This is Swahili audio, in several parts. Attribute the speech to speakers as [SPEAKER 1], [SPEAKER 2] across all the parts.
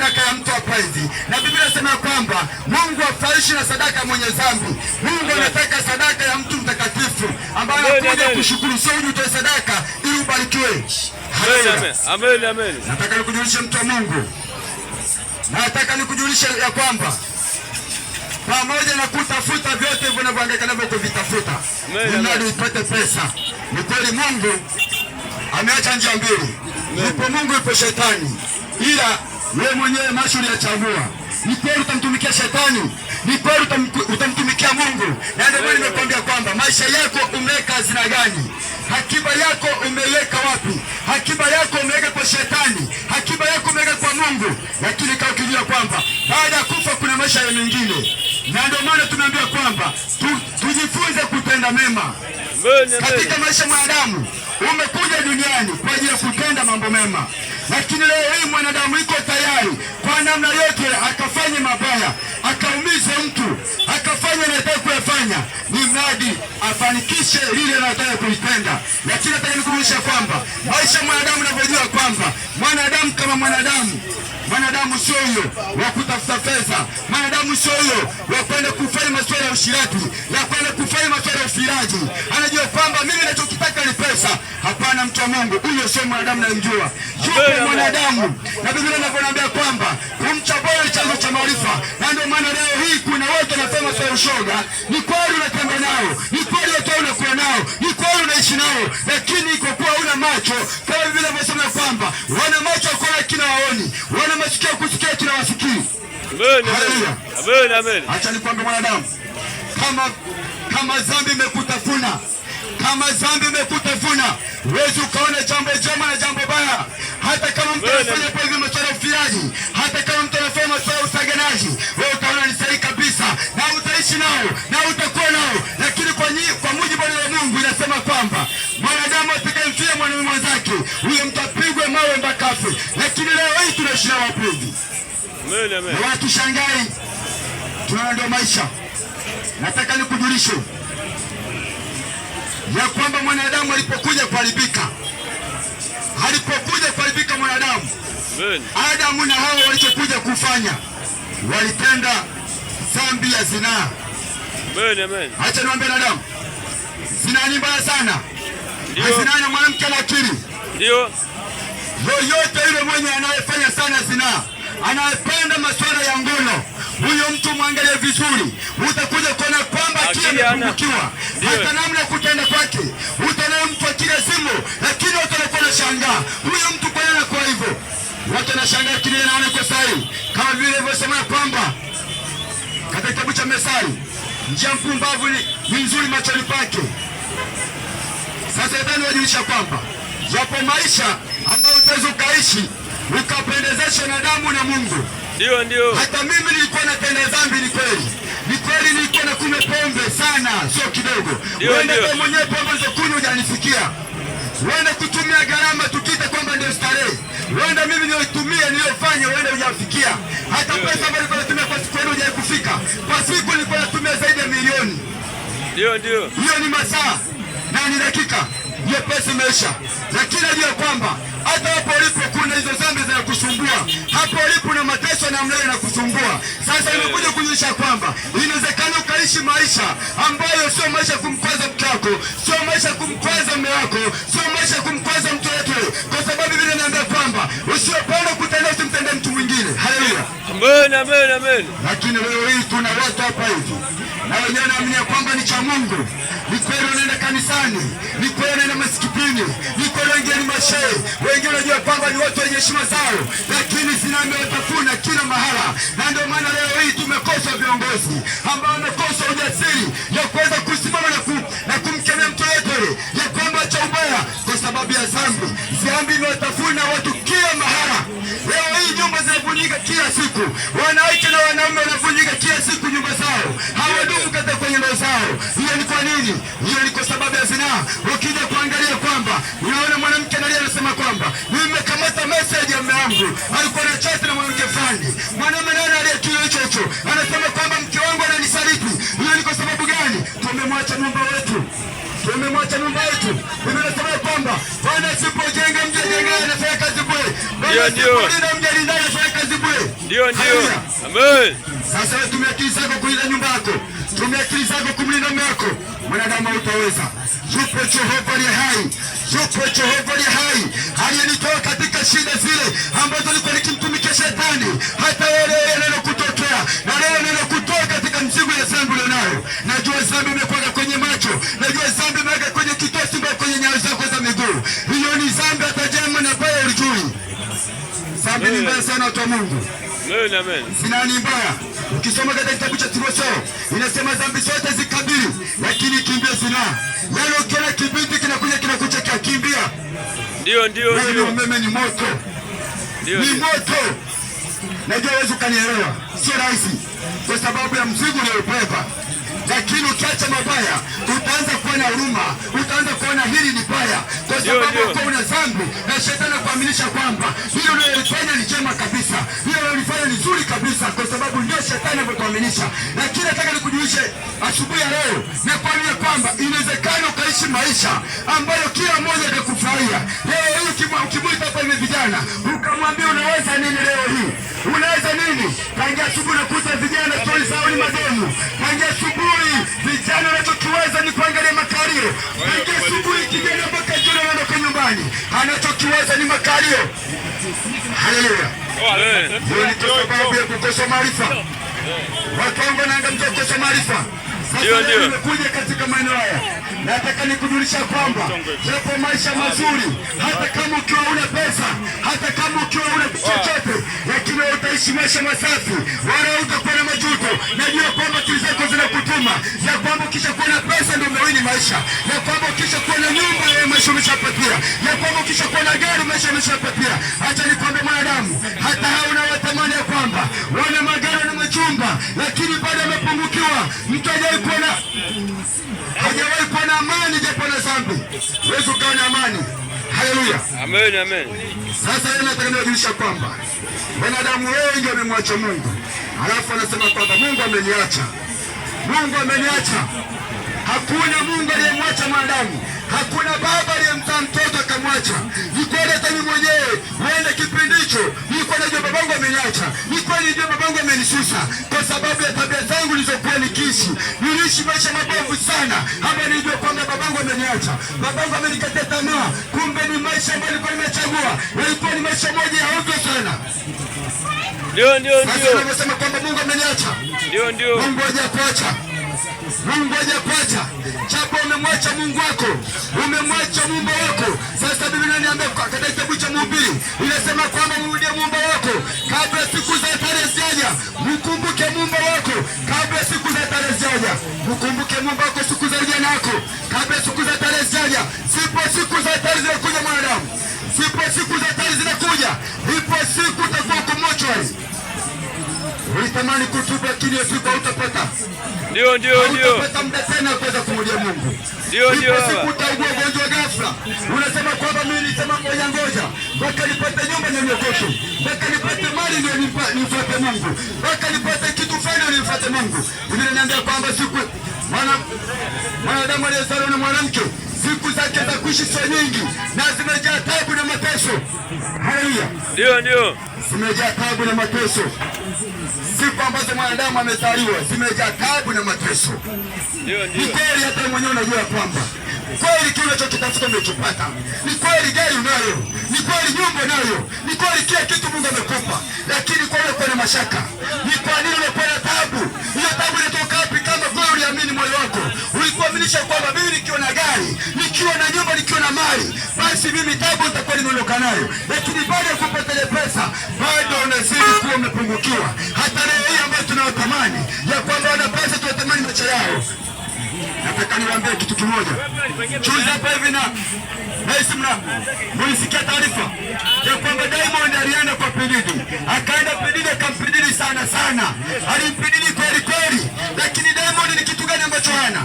[SPEAKER 1] sadaka ya mtu wa kwezi, na Biblia inasema kwamba Mungu afaishi na sadaka ya mwenye dhambi. Mungu anataka sadaka ya mtu mtakatifu ambaye anakuja kushukuru, sio uje utoe sadaka ili ubarikiwe. Amen, amen. Nataka nikujulishe mtu wa Mungu, nataka nikujulishe ya kwamba pamoja na kutafuta vyote vinavyohangaika navyo kuvitafuta ili upate pesa, ni kweli Mungu ameacha njia mbili, ipo Mungu ipo shetani, ila wewe mwenyewe macho uliyachagua. Ni kweli utamtumikia shetani, ni kweli utamtumikia Mungu. Na ndio maana nimekwambia kwamba maisha yako umeweka hazina gani? Hakiba yako umeweka wapi? Hakiba yako umeweka kwa shetani, hakiba yako umeweka kwa Mungu, lakini kama ukijua kwamba baada ya kufa kuna maisha ya mengine. Na ndio maana tunaambiwa kwamba tu, tujifunze kutenda mema katika maisha mwanadamu. Umekuja duniani kwa ajili ya kutenda mambo mema lakini leo hii mwanadamu iko tayari kwa namna yote akafanye mabaya, akaumize mtu, akafanye anataka kuyafanya, ni mradi afanikishe lile anataka kulitenda. Lakini nataka nikukumbusha kwamba maisha mwanadamu, navyojua kwamba mwanadamu kama mwanadamu Mwanadamu sio huyo wa kutafuta pesa, mwanadamu sio huyo wa kwenda kufanya masuala ya ushirati, ya kwenda kufanya masuala ya ufiraji. Anajua kwamba mimi ninachokitaka ni pesa. Hapana, mtu wa Mungu, huyo sio mwanadamu, namjua. Yupo mwanadamu, na Biblia inavyoniambia kwamba ni mcha bora, chanzo cha maarifa. Na ndio maana leo hii kuna watu wanasema sio ushoga. Ni kweli unatembea nao, ni kweli watu unakuwa nao, ni kweli unaishi nao, lakini iko kwa una macho kama vile wanasema kwamba wana macho ya kuona lakini hawaoni, wana masikio kusikia lakini wasikii. Amen, amen. amen. Acha nikwambie mwanadamu, kama kama dhambi imekutafuna, kama dhambi imekutafuna, wewe ukaona jambo jema na jambo baya hata kama mtu anafanya program za ufiaji, hata kama mtu anafanya masuala usaganaji, wewe utaona ni sahihi kabisa, na utaishi nao na utakuwa nao, lakini kwa nyi, kwa mujibu wa Mungu inasema kwamba mwanadamu atakayemtia mwanamume mwenzake huyo mtu apigwe mawe mpaka afe, lakini leo hii tunaishi na wapenzi. Amen, amen. Watu shangai, tunaona ndio maisha. Nataka nikujulishe ya kwamba mwanadamu alipokuja kuharibika alipokuja kuharibika mwanadamu Adamu na Hawa walichokuja kufanya, walitenda dhambi ya zinaa. Acha niwaambie wanadamu, zinaa ni mbaya sana, zinaa na mwanamke lakini Yoyote yule mwenye anayefanya sana zinaa, anayependa masuala ya ngono huyo mtu mwangalie vizuri, utakuja kuona kwamba kile amepungukiwa, hata namna kutenda kwake utanampa kile simu, lakini watakuwa na shangaa huyo mtu kwa nini anakuwa hivyo. Watu wanashangaa kile naona kwa sahi, kama vile alivyosema kwamba katika kitabu cha Methali, njia mpumbavu ni nzuri machoni pake. Sasa nadhani wajulisha kwamba yapo maisha ambayo utaweza ukaishi ukapendezeshwa na damu na Mungu. Ndio, ndio. Hata mimi nilikuwa natenda dhambi, ni kweli. Ni kweli nilikuwa nakunywa pombe sana, sio kidogo. Ndio ndio, Wewe mwenyewe pombe za kunywa unanisikia. Wewe kutumia gharama tukiita kwamba ndio starehe. Wewe mimi niliyotumia niliofanya, wewe hujafikia. Hata pesa ambayo nilikuwa natumia kwa siku ndio haijakufika. Kwa siku nilikuwa natumia zaidi ya milioni. Ndio, ndio. Hiyo ni masaa na ni dakika. Hiyo pesa imeisha. Lakini najua kwamba hata hapo ulipo kuna hizo zambi za kusumbua hapo ulipo na mateso na mlele kusumbua Sasa imekuja kuonyesha kwamba inawezekana ukaishi maisha ambayo sio maisha kumkwaza mke wako, sio maisha kumkwaza mume wako, sio maisha kumkwaza mtu yote, kwa sababu vile inaambia kwamba usiyopenda kutenda usimtende mtu mwingine. Haleluya, amen, amen, amen. Lakini leo hii kuna watu hapa hivi na wenyewe naamini kwamba ni cha Mungu, ni kweli, wanaenda kanisani, ni kweli, wanaenda masikitini wengi ni mashehe, wengi wanajua kwamba ni watu wenye heshima zao, lakini zinamewatafuna kila mahala, na ndio maana leo hii tumekosa viongozi ambao wamekosa ujasiri ya kuweza kusimama na, ku, na kumkemea mtu yeyote ya kwamba cha ubaya kwa sababu ya zambi zambi imewatafuna watu kila siku, wanawake na wanaume wanavunjika kila siku nyumba zao, hawadumu kata kwenye ndoa zao. Hiyo ni kwa nini? Hiyo ni kwa sababu ya zinaa. Ukija kuangalia kwamba unaona mwanamke analia, anasema kwamba nimekamata message ya mume wangu, alikuwa na chat na mwanamke fulani. Mwanaume naye analia kile hicho hicho, anasema kwamba mke wangu ananisaliti. Hiyo ni kwa sababu gani? Tumemwacha nyumba wetu tumemwacha nyumba yetu. Biblia inasema kwamba Bwana asipojenga mji ajengea anafanya kazi ndio, ndio. Ndio, ndio. Amen. Sasa tumia akili zako kulinda nyumba yako. Tumia akili zako kumlinda mume wako. Mwanadamu utaweza. Yupo Jehova ni hai. Yupo Jehova ni hai. Aliyenitoa katika shida zile ambazo nilikuwa nikimtumikia shetani. Hata wewe neno kutokea. Na leo neno kutoa katika mzigo ya zangu leo nayo. Najua zambi imekuwa kwenye macho. Najua zambi imekuwa kwenye kitosi mbaya kwenye nyayo zako. ni mbaya sana watu wa Mungu. Zina ni mbaya. Ukisoma katika kitabu cha Timotheo inasema dhambi zote zikabili, lakini kimbia sina Yaani ukiona kibiti kinakuja kinakucha kakimbia. Ndio ndio ndio. Umeme ni moto. Ndio. Ni moto. Najua wewe ukanielewa. Sio rahisi kwa sababu ya mzigo uliobeba lakini ukiacha mabaya utaanza kuona huruma, utaanza kuona hili ni baya, kwa sababu uko una dhambi na shetani kuaminisha kwamba hilo unalofanya ni chema kabisa, hilo unalofanya ni zuri kabisa, kwa sababu ndio shetani anakuaminisha. Lakini nataka nikujulishe asubuhi ya leo na kuambia kwamba inawezekana ukaishi maisha ambayo kila mmoja atakufurahia. Leo hii ukimwita hapa hivi vijana ukamwambia unaweza nini leo hii, unaweza nini? Tangia asubuhi nakuta vijana tuli zao ni mademu, tangia asubuhi asubuhi, vijana wanachokiweza ni kuangalia makalio. Wengi asubuhi, kijana mpaka jioni anaondoka nyumbani, anachokiweza ni makalio. Haleluya! Hiyo ni kwa sababu ya kukosa maarifa. Watu wangu wanaangamkia kukosa maarifa. Sasa nimekuja katika maeneo haya nataka nikujulisha kwamba yapo maisha mazuri, hata kama ukiwa una pesa, hata kama ukiwa una chochote, lakini utaishi maisha masafi, wala utakuwa na majuto. Najua kwamba akili zako zinakutuma ya kwamba kuwa na pesa ndio umewini maisha, ya kwamba kuwa na nyumba ya maisha umeshapatia, ya kwamba kuwa na gari maisha umeshapatia. Acha nikwambie mwanadamu, hata hao unawatamani ya kwamba wana magari chumba, lakini bado amepungukiwa. Mtu hajawahi kuwa na amani japo na dhambi, Wewe ukawa na amani. Haleluya, amen, amen. Sasa yeye anataka kujulisha kwamba wanadamu wengi wamemwacha Mungu, alafu anasema kwamba Mungu ameniacha, Mungu ameniacha. Hakuna Mungu aliyemwacha mwanadamu. Hakuna baba aliyemzaa mtoto akamwacha. Ni kweli hata mimi mwenyewe wenda kipindi hicho nilikuwa najua babangu ameniacha, ni kweli najua babangu amenisusa kwa sababu ya tabia zangu nilizokuwa nikiishi. Niliishi maisha mabovu sana, hapa nilijua kwamba babangu ameniacha, babangu amenikatia tamaa. Kumbe ni maisha ambayo nilikuwa nimechagua, yalikuwa ni maisha moja ya ovyo sana. Ndio, ndio, ndio. Sasa nasema kwamba Mungu ameniacha. Ndio, ndio. Mungu hajakuacha. Mungu hajakuacha, chapo. umemwacha Mungu wako, umemwacha muumba wako. Sasa Biblia inaniambia katika kitabu cha Mhubiri inasema kwamba mrudie muumba wako kabla siku za hatari zijaja. Mkumbuke muumba wako kabla siku za hatari zijaja. Mkumbuke muumba wako siku za ujana wako kabla siku za hatari zijaja. Zipo siku za hatari zinakuja mwanadamu, zipo siku za hatari zinakuja, ipo siku utakuwa uko mochwari Ulitamani kutubu lakini siku utapata. Ndio ndio ndio. Utapata muda tena kuweza kumulia Mungu. Ndio ndio baba. Siku utaugua ugonjwa ghafla. Unasema kwamba mimi nilisema ngoja ngoja mpaka nipate nyumba na niokoke. Mpaka nipate mali ndio nifuate Mungu. Mpaka nipate kitu fulani ndio nifuate Mungu. Biblia inaniambia kwamba siku maana mwanadamu aliyezaliwa na mwanamke siku zake za kuishi sio nyingi na zimejaa taabu na mateso. Haleluya. Ndio ndio zimejaa taabu na mateso. Siku ambazo mwanadamu amezaliwa zimejaa taabu na mateso. Ni kweli, hata mwenyewe unajua kwamba kweli kile unachokitafuta umechopata. Ni kweli gari unayo, ni kweli nyumba unayo, ni kweli kila kitu Mungu amekupa, lakini kwa hiyo kuna mashaka. Ni kwa nini unakuwa na taabu? Hiyo taabu inatoka uliamini moyo wako, ulikuaminisha kwamba mimi nikiwa na gari, nikiwa na nyumba, nikiwa na mali, basi mimi tabu nitakuwa nimeondoka nayo. Lakini baada ya kupata ile pesa, bado unazidi kuwa umepungukiwa. Hata leo hii ambayo tunawatamani ya kwamba wana pesa, tunatamani maisha yao. Nataka niwaambie kitu kimoja, juzi hapa hivi na Rais mna mulisikia taarifa ya kwamba Diamond alienda kwa Pididi, akaenda Pididi, akampididi sana sana, alimpididi kweli kweli, lakini Diamond ni kitu gani ambacho hana.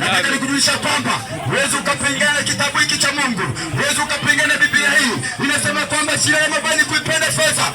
[SPEAKER 1] Nataka yaani. nikujulisha kwamba huwezi ukapingana kitabu hiki cha Mungu, huwezi ukapingana Biblia hii. Inasema kwamba shira ya mabani kuipenda fedha,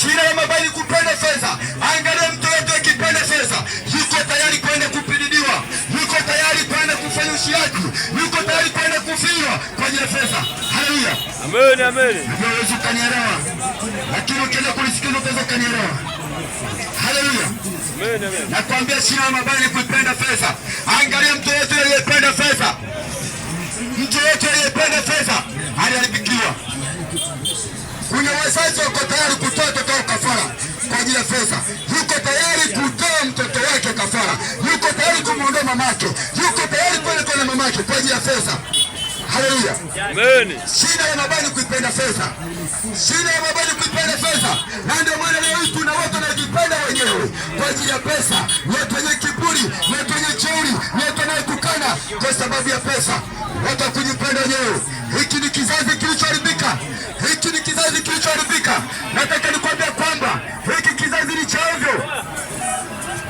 [SPEAKER 1] shira ya mabani kupenda fedha. Angalia mtu yetu akipenda fedha, yuko tayari kwenda kupindidiwa, yuko tayari kwenda kufanya ushiaki, yuko tayari kwenda kufiwa kwa ajili ya fedha. Haleluya, amen, amen. Unaweza ukanielewa, lakini ukienda kulisikiliza utaweza ukanielewa. Haleluya. Nakwambia shina mabaya kuipenda pesa. Angalia mtu yote aliyependa pesa, mtu yote aliyependa pesa aliharibikiwa. Kuna wazazi wako tayari kutoa mtoto wao kafara kwa ajili ya pesa, yuko tayari kutoa mtoto wake kafara, yuko tayari kumwondoa mamake, yuko tayari kwenda kwa mamake kwa ajili ya pesa. Haleluya. Amen. Shida ya mabaya kuipenda fedha. Shida ya mabaya kuipenda fedha. Na ndio maana leo hii tuna watu wanajipenda wenyewe kwa ajili ya pesa, watu wenye kiburi, watu wenye jeuri, watu wanaotukana kwa sababu ya pesa. Watu wa kujipenda wenyewe. Hiki ni kizazi kilichoharibika. Hiki ni kizazi kilichoharibika. Nataka nikwambia kwamba hiki kizazi ni cha ovyo.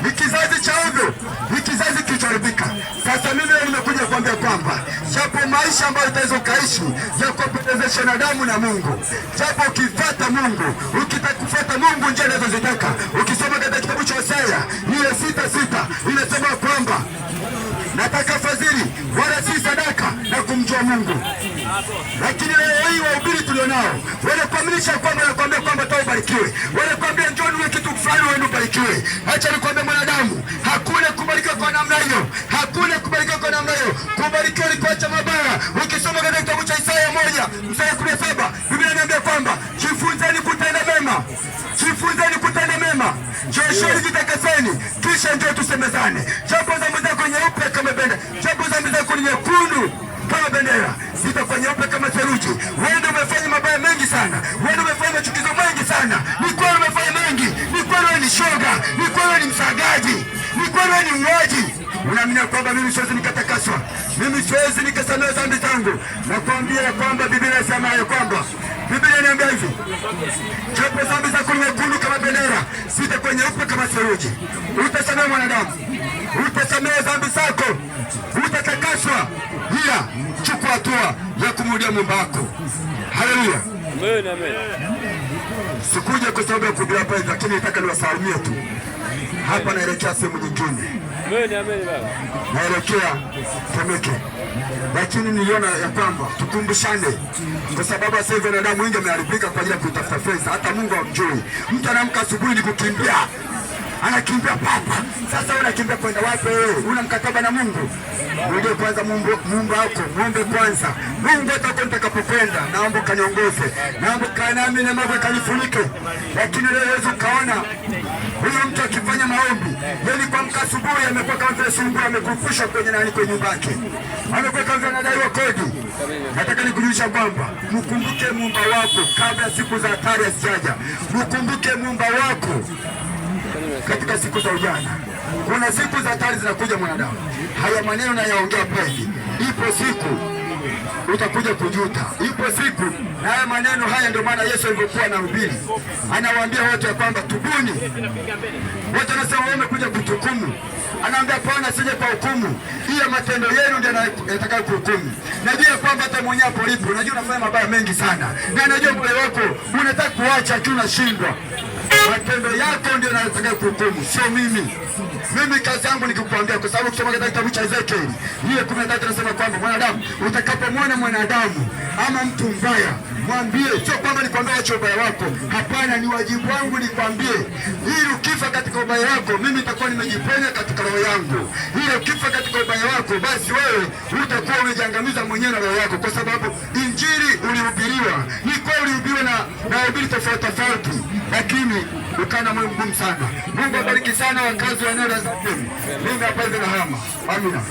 [SPEAKER 1] Ni kizazi cha ovyo. Ni kizazi kilichoharibika. Sasa mimi nimekuja kuambia kwamba japo maisha ambayo utaweza ukaishi ya kupendezesha na damu na Mungu, japo ukifata Mungu, ukitaka kufuata Mungu njia anazozitaka. Ukisoma katika kitabu cha Isaya ile sita sita inasema kwamba nataka mauti wala si sadaka na kumjua Mungu. Lakini leo hii wahubiri tulionao wanakuaminisha kwamba wanakuambia kwamba taubarikiwe, wanakuambia njoni uwe kitu fulani uende ubarikiwe. Acha nikwambie mwanadamu, hakuna kubarikiwa kwa namna hiyo, hakuna kubarikiwa kwa namna hiyo. Kubarikiwa ni kuacha mabaya. Ukisoma katika kitabu cha Isaya moja mstari kumi na saba Biblia inaambia kwamba jifunzeni kutenda mema, jifunzeni kutenda mema, josheni jitakaseni, kisha njoo tusemezane. Jambo za mwenzako nyeupe kama bendera naamini ya kwamba mimi siwezi nikatakaswa, mimi siwezi nikasamehe dhambi zangu. Nakwambia ya kwamba Biblia inasema ya kwamba Biblia inaambia hivi, chapo dhambi zako ni nyekundu kama bendera, sita kwenye upe kama seruji. Utasamehe mwanadamu, utasamehe dhambi zako, utatakaswa. Hila, chukua hatua ya kumudia Muumba wako. Haleluya, amen, amen. Sikuja kwa sababu ya kudia hapa, lakini nataka niwasalimie tu hapa, naelekea sehemu nyingine naelekea Temeke, lakini niliona ya kwamba tukumbushane, kwa sababu sasa hivi wanadamu wengi wameharibika kwa ajili ya kutafuta pesa, hata Mungu amjui Mtu anaamka asubuhi ni kukimbia, anakimbia papa. Sasa wewe unakimbia kwenda wapi? Wewe una mkataba na Mungu? Mwende kwanza Mungu wako, muombe kwanza Mungu atako. Nitakapokwenda naomba kaniongoze, naomba kanami na mambo kanifunike, lakini leo kaona Huyu mtu akifanya maombi yani, kwamka asubuhi amekuwa kama vile sungu amekufushwa kwenye nani, kwenye nyumba yake, amekuwa kama anadaiwa kodi. Nataka nikujulisha kwamba mkumbuke muumba wako kabla siku za hatari hazijaja. Mkumbuke muumba wako katika siku za ujana. Kuna siku za hatari zinakuja mwanadamu. Haya maneno nayaongea kweli, ipo siku utakuja kujuta. Ipo siku. Haya maneno haya, ndio maana Yesu alivyokuwa na anahubiri, anawaambia watu ya kwamba tubuni. Watu wanasema wamekuja kutukumu anaambia Bwana, sije kwa hukumu, hiyo matendo yenu ndio yatakayo kuhukumu. Najua ya kwamba hata mwenyewe hapo ulipo, najua unafanya mabaya mengi sana, na najua mbele wako unataka kuacha tu, unashindwa matendo yako ndio yanataka kuhukumu, sio mimi. Mimi kazi yangu nikukwambia, kwa sababu kusoma katika kitabu cha Ezekieli ile kumi na tatu nasema kwamba mwanadamu, utakapomwona mwanadamu ama mtu mbaya mwambie, sio kwamba nikwambia acha ubaya wako. Hapana, ni wajibu wangu nikwambie, ili ukifa katika ubaya wako, mimi nitakuwa nimejiponya katika roho yangu. Ili ukifa katika ubaya wako, basi wewe utakuwa umejiangamiza mwenyewe na roho yako, kwa sababu injili ulihubiriwa, ni kweli ulihubiriwa na na wahubiri tofauti tofauti, lakini Ukana moyo mgumu sana. Mungu abariki sana wakazi wa eneo la Zaituni. Mungu apaze rahama. Amina.